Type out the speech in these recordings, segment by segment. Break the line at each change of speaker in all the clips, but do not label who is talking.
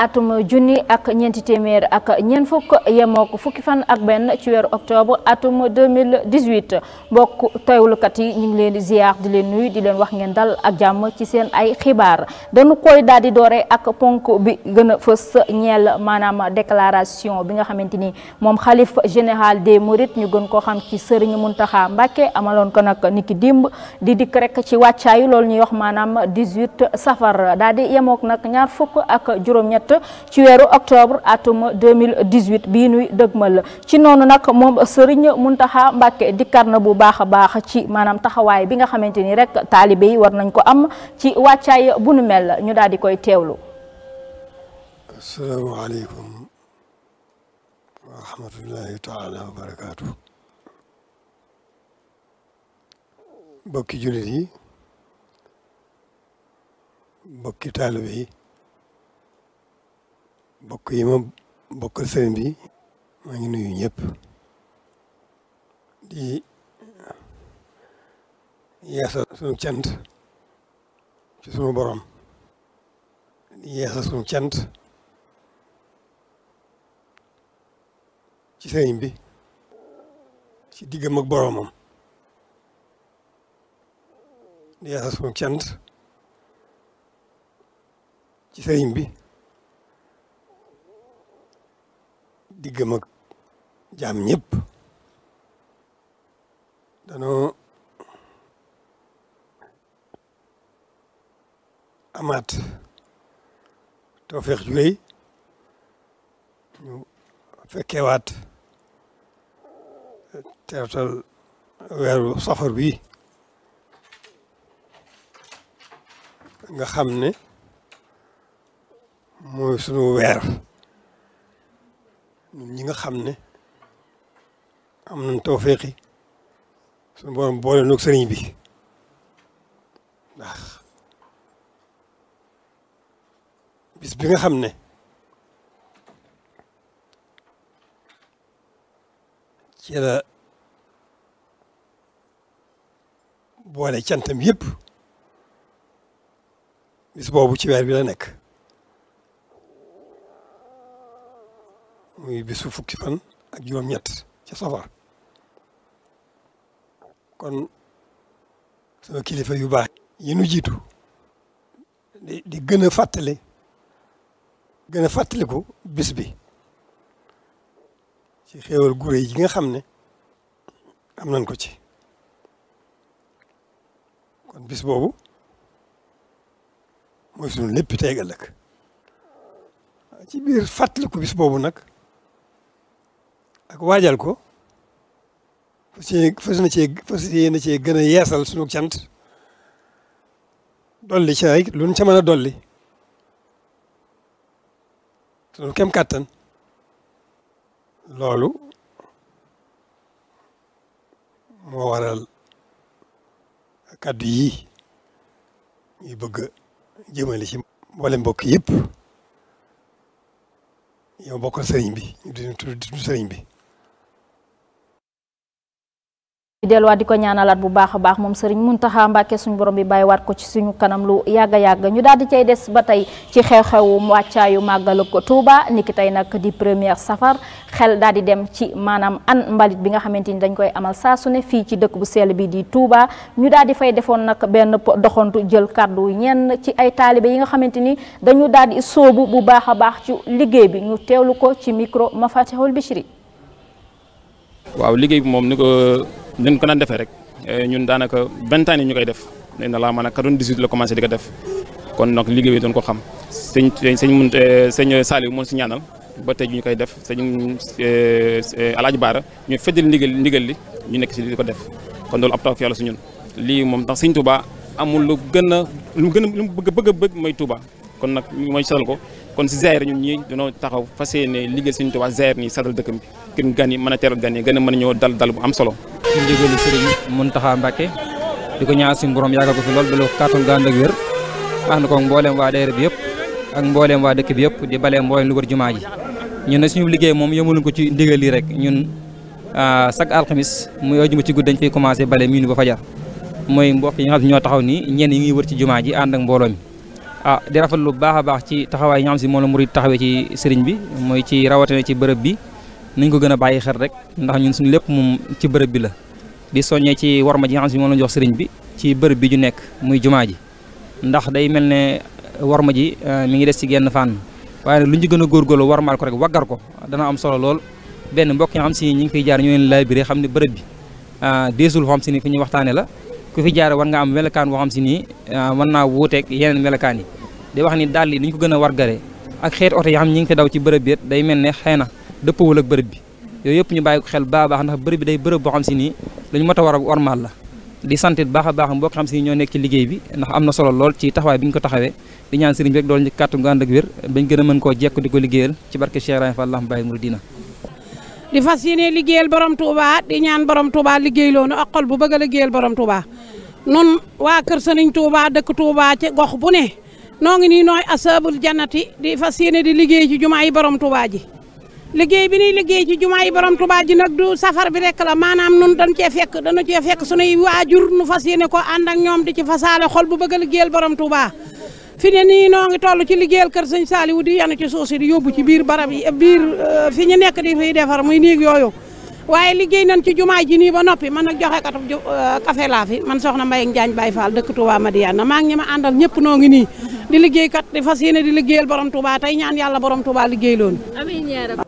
atum junni ak ñeenti téeméer ak ñeent fukk yemook fukki fan ak benn ci weeru octobre atum 2018 mbokk teewlukat yi ñu ngi leen di ziar di leen nuyu di leen wax ngeen dal ak jàmm ci seen ay xibaar dañu koy daal di doore ak ponk bi gën a fës ñeel maanaam déclaration bi nga xamante ni moom xalif général de mourides ñu gën koo xam ci sëriñ Muntaxa Mbàkke amaloon ko nag niki dimb di dikk rek ci wàccaayu loolu ñuy wax maanaam 18 safar daal di yemook nag ñaar ci weeru octobre atum 2018 bii nuy dëgmal ci noonu nag moom mun taxa Mbacké dikkar na bu baax a baax ci maanaam taxawaay bi nga xamante ni rek taalibe yi war nañ ko am ci wàccaay bu nu ñu daal di koy teewlu.
asalaamaaleykum wa rahmatullahi taala wa barakaatu. bokki jullit bokki taalibe yi. bokk yi ma bokkal sëriñ bi maa ngi nuyu ñëpp di yeesa sunu cant ci sunu borom di yeesa sunu cant ci sëriñ bi ci diggam ak boromam di yeesa sunu cant ci sëriñ bi diggam ak jaam ñépp danoo amaat tawfeex ju rëy ñu fekkeewaat eh, teertal weeru safar bi nga xam ne mu sunu weer ñun ñi nga xam ne am nañ tawféqi suñu borom boole noog sëriñ bi ndax bis bi nga xam ne ci la boole cantam yëpp bis boobu ci weer bi la nekk muy bisu fukki fan ak juróom-ñett ci safar kon sama kilifa yu baax yi nu jiitu di di gën a fàttali gën a fàttaliku bis bi ci xéewal gure gi nga xam ne am nañ ko ci kon bis boobu mooy sunu lépp tey ëllëg ci biir fàttaliku bis boobu nag ak waajal ko fas yéene fas na ce fas yéene cee gën a yeesal sunu cant dolli ca rek lu mën a dolli sunu kem kattan loolu moo waral kàddu yii ñuy bëgg jëmale ci mboole mbokk yëpp yow bokkal sëriñ bi ñu di sëriñ bi
di delluwaat di ko ñaanalaat bu baax a baax moom sëriñ Muntaxa Mbàkke suñu borom bi bàyyiwaat ko ci suñu kanam lu yàgg a yàgg ñu daal di cay des ba tey ci xew-xewu wàccaayu màggalu ko Touba niki tey nag di première safar xel daal di dem ci maanaam an mbalit bi nga xamante ni dañ koy amal saa su ne fii ci dëkk bu sell bi di Touba ñu daal di fay defoon nag benn doxantu jël kàddu ñenn ci ay taalibe yi nga xamante ni dañu daal di sóobu bu baax a baax ci liggéey bi ñu teelu ko ci micro ma Bichri
waaw liggéey bi moom dañ ko naan defee rek eh, ñun daanaka vingt ans ni ñu koy def nee na laa maanaam 98 la commencé di ko def kon nag liggéey bi doon ko xam sëñ eh, sëñ mun eh, sëñ Saliou moo si ñaanal ba tey ñu koy def sëñ Alaaji Baara ñu feddali ndigal ndigal li ñu nekk si di ko def kon loolu ab taw fi ñun lii moom tax sëñ Touba amul lu gën lu gën a lu bëgg bëgg a bëgg mooy Touba kon nag mooy satal ko kon si zaahir ñun ñii dañoo taxaw fas yéene liggéey sëñ Touba zaahir nii satal dëkkam bi gën gan yi mën a teeral gan yi gën a mën a ñëw dal dal bu am solo ci ndigalu sëriñ Muntaxa Mbàkke di ko ñaar suñu borom yàggal ko fi lool ba lu kàttan gànd ak wér ànd ko mbooleem waa daayira bi yëpp ak mbooleem waa dëkk bi yëpp di bale mbooleem lu wër jumaa ji ñun na suñu liggéey moom yëmuluñ ko ci ndigal lii rek ñun ah, chaque alxamis muy ajuma ci dañ fay commencé bale miinu ba fajar mooy mbokk yi nga si ñoo taxaw nii ñenn yi ngi wër ci jumaa ji ànd ak mbooloo mi ah di rafet lu baax a baax ci taxawaay yi si moom la murid taxawee ci sëriñ bi mooy ci rawatina ci bërëb bi nañ ko gën a bàyyi xel rek ndax ñu suñu lépp moom ci bërëb bi la di soññee ci war ma ji nga xam si moom la jox sëriñ bi ci bërëb bi ju nekk muy jumaa ji ndax day mel ne euh, war ma ji euh, mi ngi des ci genn fànn waaye lu ñu gën a góorgóorlu war maal ko rek waggar ko dana am solo lool benn mbokk ñoo xam si ñi ngi fiy jaar ñu leen laabiré xam ne bërëb bi euh, deesul foo xam si ni fi ñuy waxtaanee la ku fi jaar war nga am melekaan woo xam si nii mën naa wuuteeg yeneen melekaan yi di wax ni dàll yi ni ñu gën a wargare ak xeet oto yi xam ñi ngi fi daw ci bërëb day mel ne xëy na dëppawul ak bërëb bi yooyu yëpp ñu bàyyi ko xel baa baax ndax bërëb bi day bërëb boo xam si nii dañu mat a war a ormal la di santit baax a baax mbokk xam si ñoo nekk ci liggéey bi ndax am na solo lool ci taxawaay bi ñu ko taxawee di ñaan sëriñ bi rek dool ñu kàttu nga ànd ak wér bañ gën a mën koo jekk di ko liggéeyal ci barke Cheikh Rahim Fall Baye Mouridina
di fas yéene liggéeyal borom Touba di ñaan borom Touba liggéey loonu ak xol bu bëgg a liggéeyal borom Touba nun waa kër sëriñ Touba dëkk Touba ci gox bu ne noo ngi nii nooy asabul jannati di fas yéene di liggéey ci jumaa yi borom Touba ji liggéey bi ñuy liggéey ci jumaa yi borom tubaa ji nag du safar bi rek la maanaam nun dañ cee fekk dañu cee fekk sunuy waajur nu fas yéene ko ànd ak ñoom di ci fa fasaale xol bu bëgg a liggéeyal borom Tuubaa fi ne nii noo ngi toll ci liggéeyal kër sëñ Saliou di yanu ci suuf yóbbu ci biir barab yi biir eh, fi ñu nekk di fiy defar muy néeg yooyu waaye liggéey nañ ci jumaa ji nii ba noppi man nag joxe katub eh, café laa fi man soxna Mbaye Njaañ Baye Fall dëkk Touba Madiyana maa ngi ma àndal ñëpp noo ngi nii di liggéey kat di fas yéene di liggéeyal borom Touba tey ñaan yàlla borom Touba liggéey loonu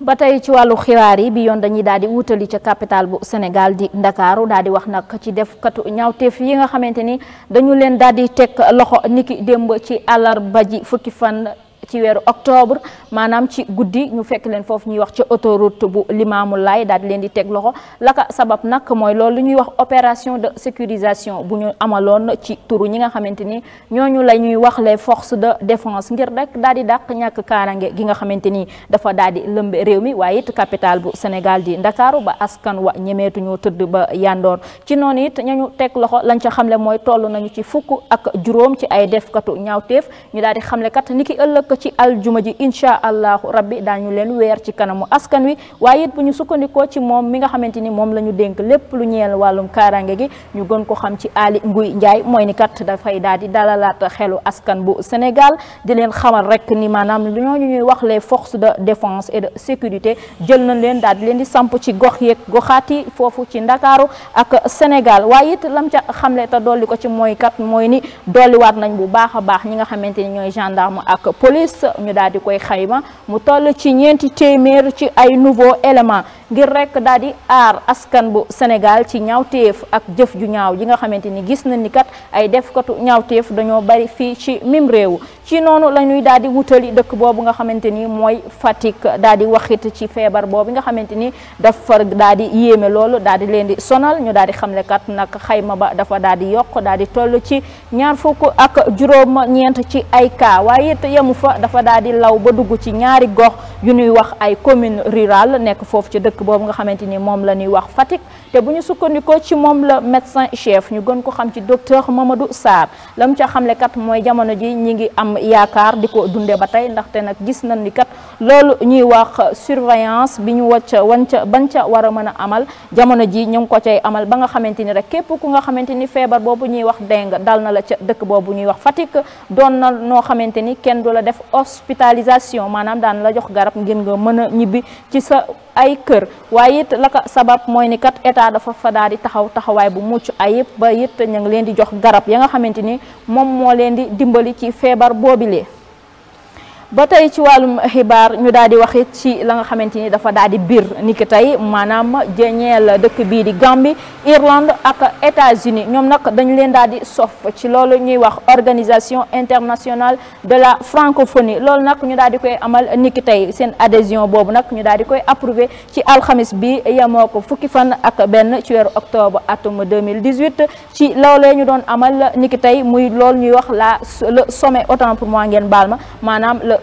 ba tey ci wàllu xibaar yi bi yoon dañuy daal di wutali ca capital bu Sénégal di Ndakaaru daal di wax nag ci defkatu ñaawteef yi nga xamante ni dañu leen daal di teg loxo niki démb ci àllarba ji fukki fan ci weeru octobre maanaam ci guddi ñu fekk leen foofu ñuy wax ci autoroute bu Limaamu Laay daal di leen di teg loxo laka sabab nag mooy loolu lu ñuy wax opération de sécurisation bu ñu amaloon ci turu ñi nga xamante ni ñooñu lay ñuy wax les forces de défense ngir rek daal di dàq ñàkk kaarange gi nga xamante ni dafa daal di lëmbe réew mi waaye it capitale bu Sénégal di Ndakaaru ba askan wa ñemeetu ñoo tëdd ba yandoor ci noonu it ñañu teg loxo lañ ca xamle mooy toll nañu ci fukk ak juróom ci ay defkatu ci aljuma ji incha allahu rabbi daañu leen weer ci kanamu askan wi waaye it bu ñu sukkandikoo ci moom mi nga xamante ni moom la ñu dénk lépp lu ñeel wàllum kaaraange gi ñu gën ko xam ci Aly Ngouille Ndiaye mooy ni kat dafay daal di dalalaat xelu askan bu Sénégal di leen xamal rek ni maanaam ñooñu ñuy wax les forces de défense et de sécurité jël nañ leen daal di leen di samp ci gox yeeg goxaat yi foofu ci Ndakaaru ak Sénégal waaye it lam ca xamle te dolli ko ci mooy mooy ni a baax police ñu daal di koy xayma mu toll ci ñeenti téeméer ci ay nouveau élément ngir rekk daal di aar askan bu Sénégal ci ñaawteef ak jëf ju ñaaw ji nga xamante ni gis nañ ni kat ay defkatu ñaawteef dañoo bari fii ci mim réew ci noonu la ñuy daal di wutali dëkk boobu nga xamante ni mooy Fatick daal di waxit ci feebar boobu nga xamante ni dafa daal di yéeme loolu daal di leen di sonal ñu daal di xamle kat nag xayma ba dafa daal di yokk daal di toll ci ñaar fukk ak juróom dafa dafa daal di law ba dugg ci ñaari gox yu ñuy wax ay commune rurale nekk foofu ca dëkk boobu nga xamante ni moom la ñuy wax Fatick te bu ñu sukkandikoo ci moom la médecin chef ñu gën ko xam ci docteur Mamadou Sarr la mu ca xamle kat mooy jamono ji ñi ngi am yaakaar di ko dunde ba tey ndaxte nag gis nañ ni kat loolu ñuy wax surveillance bi ñu wacca wanca ban ca war a mën a amal jamono ji ñu ngi ko cay amal ba nga xamante ni rek képp ku nga xamante ni feebar boobu ñuy wax dengue dal na la ca dëkk boobu ñuy wax Fatick doon na noo xamante ni kenn du la def hospitalisation maanaam daan la jox garab ngir nga mën a ñibbi ci sa ay kër waaye it la ko sabab mooy ni kat état dafa fa daal di taxaw taxawaay bu mucc ayib ba it ñu ngi leen di jox garab ya nga xamante ni moom moo leen di dimbali ci feebar boobilee ba tey ci wàllum xibaar ñu daal di wax it ci la nga xamante ni dafa daal di biir niki tey maanaam jeñeel dëkk bii di Gambie Irlande ak États-Unis ñoom nag dañu leen daal di sof ci loolu ñuy wax organisation internationale de la francophonie loolu nag ñu daal di koy amal niki tey seen adhésion boobu nag ñu daal di koy approuvé ci alxamis bi yemoo ko fukki fan ak benn ci weeru octobre atum 2018 ci loolee ñu doon amal niki tey muy loolu ñuy wax la le sommet autant pour moi ngeen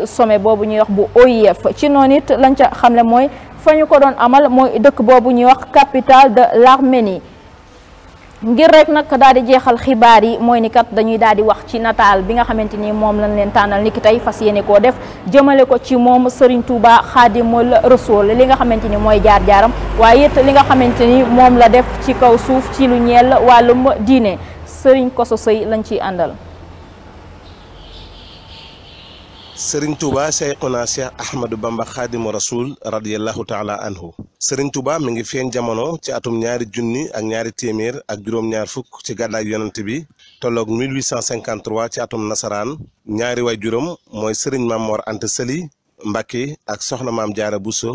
some boobu ñuy wax bu OIF ci noon it lañ ca xamle mooy fa ñu ko doon amal mooy dëkk boobu ñuy wax capitale de l'Arménie ngir rek nag daal di jeexal xibaar yi mooy ni kat dañuy daal di wax ci nataal bi nga xamante ni moom lañ leen tànnal ni ki tey fas yéene koo def jëmale ko ci moom Serigne Touba Khadimul Rasoul li nga xamante ni mooy jaar-jaaram waaye it li nga xamante ni moom la def ci kaw suuf ci lu ñeel wàllum diine sëriñ koso Sey lañ ci àndal.
sëriñ tuuba seyxuna cheikh ahmadu bamba xaadimu rasul radiallahu taala anhu sëriñ tuuba mi ngi feeñ jamono ci atum ñaari junni ak ñaari téeméer ak juróom-ñaar fukk ci gàddaay yonent bi tolloog 1853 ci atum nasaraan ñaari way juróom mooy sëriñ maam mor anta sëli mbàkke ak soxna maam jaara buso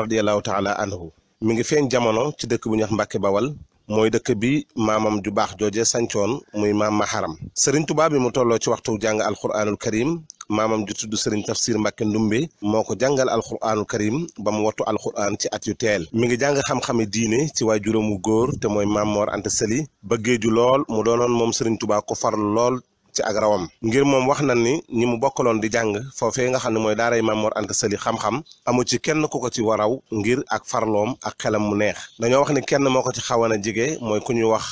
radiallahu taala anhu mi ngi feeñ jamono ci dëkk bu ñuy wax mbàkke bawal mooy dëkk bi maamam ju baax jooje sancoon muy maam maharam sëriñ Tuubaa bi mu tolloo ci waxtu jàng alquranul karim maamam ju tudd sëriñ tafsir mbàkke ndumbe moo ko jàngal al alquranul karim ba mu wattu alquran ci at yu teel mi ngi jàng xam-xami diine ci waajuram wu góor te mooy maam Mor Anta Sali bëggee ju lool mu doonoon moom sëriñ Tuubaa ko farlu lool ci ak rawam ngir moom wax nañ ni ñi mu bokkaloon di jàng foofee nga xam ne mooy daaray Maam Mor Anta Sali xam-xam amu ci kenn ku ko ci waraw ngir ak farloom ak xelam mu neex dañoo wax ni kenn moo ko ci xawoon a jige mooy ku ñu wax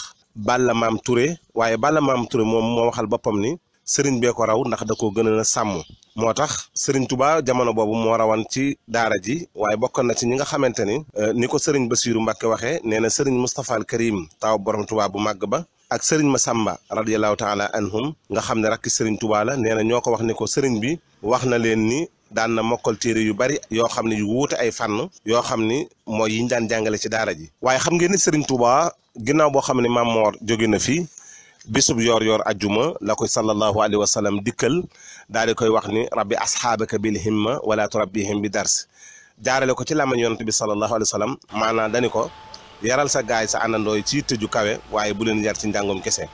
Balla Maam Touré waaye Balla Maam Touré moom moo waxal boppam ni sëriñ bee ko raw ndax da ko gën a sàmm moo tax sëriñ tubaa jamono boobu moo rawan ci daara ji waaye bokkoon na ci ñi nga xamante ni euh, ni ko sëriñ Bassirou Mbacke waxee nee na sëriñ Moustapha al Karim borom Touba bu màgg ba ak sëriñ ma Masamba radiallahu taala anhum nga xam ne rakki sëriñ Tuubaa la nee na ñoo ko wax ni ko sëriñ bi wax na leen ni daan na mokkal téere yu bari yoo xam ne yu wuute ay fànn yoo xam ni mooy yi daan jàngale ci daara ji waaye xam ngeen ni sëriñ Tuubaa ginnaaw boo xam ne Maam Moor jóge na fi bisub yoor yoor ajjuma la koy sallallahu alayhi wa sallam dikkal daal di koy wax ni rabbi asxaabaka bil himma wala turabbihim bi dars jaarale ko ci làmmañ yonent bi sallallahu alayhi wa sallam maanaam ko yaral sa gaay sa àndandoo yi ci yitte ju kawe waaye bu leen yar ci njàngoom kese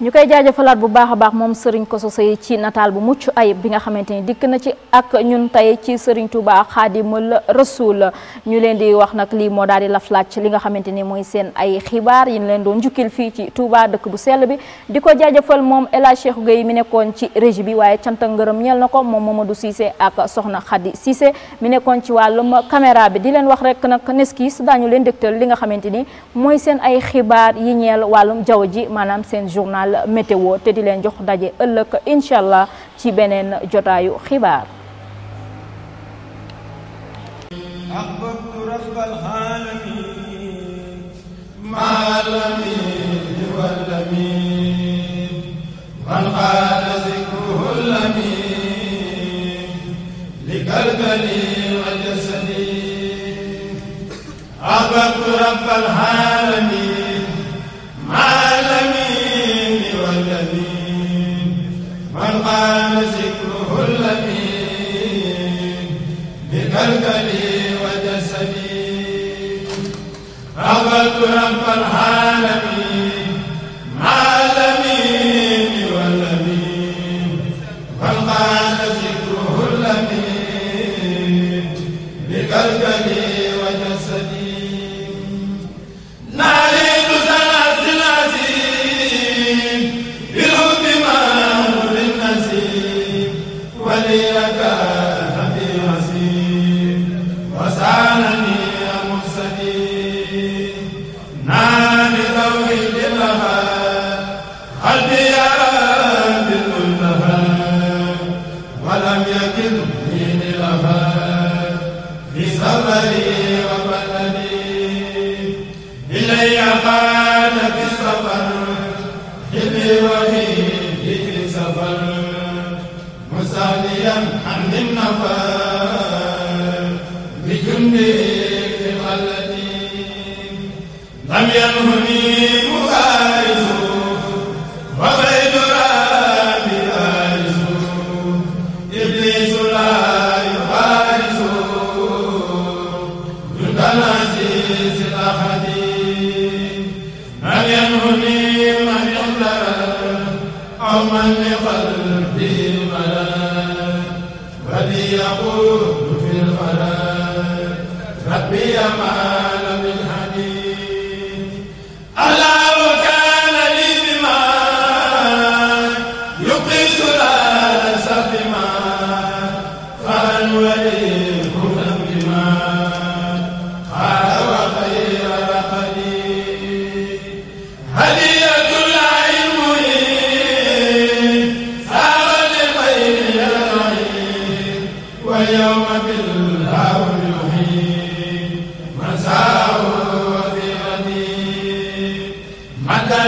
ñu koy jaajëfalaat bu baax a baax moom Serigne Kosso Seye ci nataal bu mucc ayib bi nga xamante ni dikk na ci ak ñun tey ci Serigne Touba Xaadimul Rasul ñu leen di wax nag lii moo daal di laflaaj li nga xamante ni mooy seen ay xibaar yi ñu leen doon njukkil fii ci Touba dëkk bu sell bi di ko jaajëfal moom El Hadj Cheikh mi nekkoon ci régie bi waaye cant ngërëm ñeel na ko moom Mamadou Cissé ak Soxna Khady Cissé mi nekkoon ci wàllum caméra bi di wax rek nag neskis daañu leen dégtal li nga xamante ni mooy seen ay xibaar yi ñeel wàllum jaww ji maanaam seen journal journal météo te di leen jox daje ëllëg incha allah ci beneen jotaayu xibaar.
قلبي وجسدي عبدت رب العالمين الكلي وجسدي عبدت رب العالمين lam yanhuni bi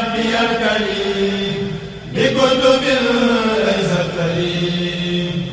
ربي الكريم بكتب ليست كريم